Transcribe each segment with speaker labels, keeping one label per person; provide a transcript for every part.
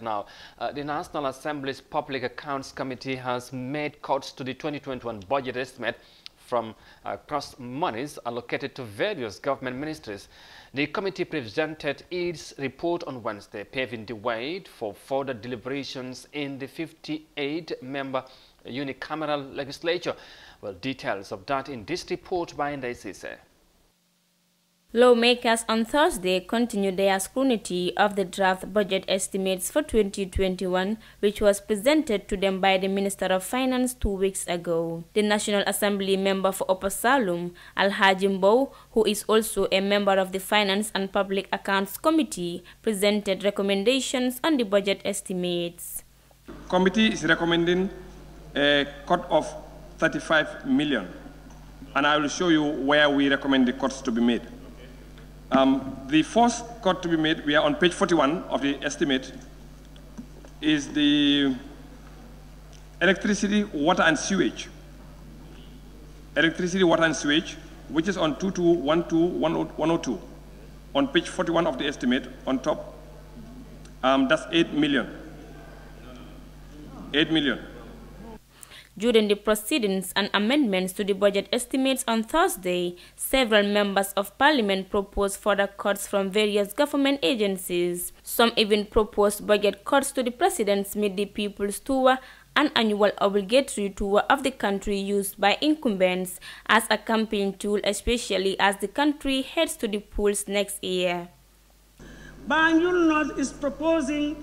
Speaker 1: Now, uh, the National Assembly's Public Accounts Committee has made cuts to the 2021 budget estimate from uh, cross monies allocated to various government ministries. The committee presented its report on Wednesday, paving the way for further deliberations in the 58-member unicameral legislature. Well, details of that in this report by Ndaisise.
Speaker 2: Lawmakers on Thursday continued their scrutiny of the draft budget estimates for 2021, which was presented to them by the Minister of Finance two weeks ago. The National Assembly member for Upper Salum, Al Hajimbo, who is also a member of the Finance and Public Accounts Committee, presented recommendations on the budget estimates.
Speaker 3: Committee is recommending a cut of 35 million, and I will show you where we recommend the cuts to be made. Um, the fourth cut to be made, we are on page 41 of the estimate, is the electricity, water, and sewage. Electricity, water, and sewage, which is on 2212102, on page 41 of the estimate, on top. Um, that's 8 million. 8 million.
Speaker 2: During the proceedings and amendments to the budget estimates on Thursday, several members of parliament proposed further cuts from various government agencies. Some even proposed budget cuts to the president's Meet the People's Tour an annual obligatory tour of the country used by incumbents as a campaign tool, especially as the country heads to the polls next year.
Speaker 4: Banjul North is proposing,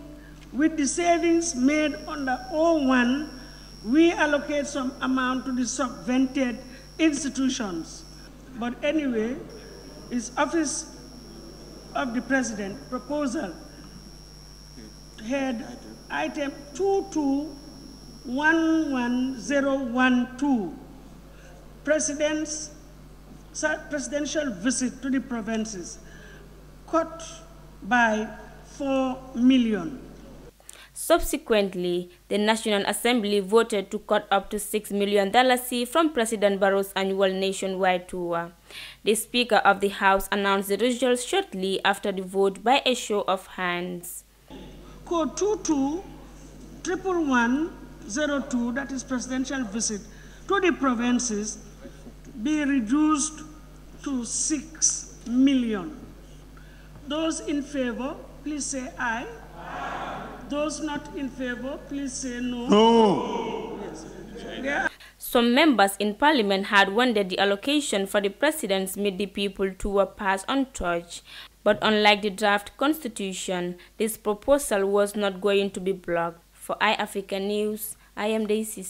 Speaker 4: with the savings made on under 01 we allocate some amount to the subvented institutions. But anyway, it's Office of the President proposal head item 2211012, President's, presidential visit to the provinces, cut by 4 million.
Speaker 2: Subsequently, the National Assembly voted to cut up to $6 million from President Barro's annual nationwide tour. The Speaker of the House announced the results shortly after the vote by a show of hands. Code
Speaker 4: 221102, that is presidential visit to the provinces, be reduced to 6 million. Those in favor, please say aye. aye. Those not
Speaker 2: Some members in parliament had wanted the allocation for the president's Meet the People tour pass untouched. But unlike the draft constitution, this proposal was not going to be blocked. For iAfrica News, I am Daisy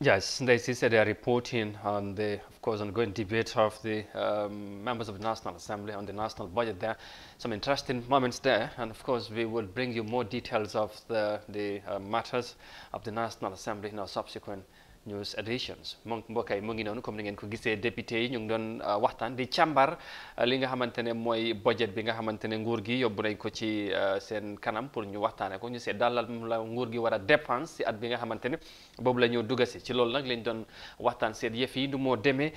Speaker 1: Yes, they said they are reporting on the, of course, ongoing debate of the um, members of the National Assembly on the national budget there. Some interesting moments there, and of course, we will bring you more details of the, the uh, matters of the National Assembly in our subsequent news editions mon mbokk yi mu ngi noonu comme ngeen ko gisee député yi ñu ngi doon euh, waxtaan di chambar euh, li nga xamantene moy budget bi nga xamantene nguur gi yobbu nañ ko ci euh, seen kanam pour ñu waxtaanee ko ñu sé dalal la nguur gi wara dépense si at bi nga xamantene bobu boobu la ñu dugasi ci lool nak lañ doon waxtaan seet yef yi du mo démé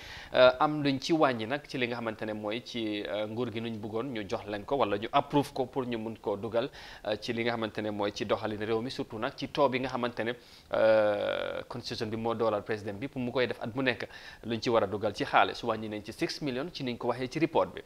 Speaker 1: am luñ ci wañi nak ci li nga xamantene moy ci nguur gi nuñ bëggoon ñu jox lañ ko wala ñu approve ko pour ñu mën ko duggal ci li nga xamantene moy ci doxalin réew mi surtout nak ci taux bi nga xamantene euh constitution bi moo doolal président bi pour mu koy def at mu nekk luñ ci war dugal ci xaalis wàññi nañ ci 6 millions ci niñ ko waxee ci report bi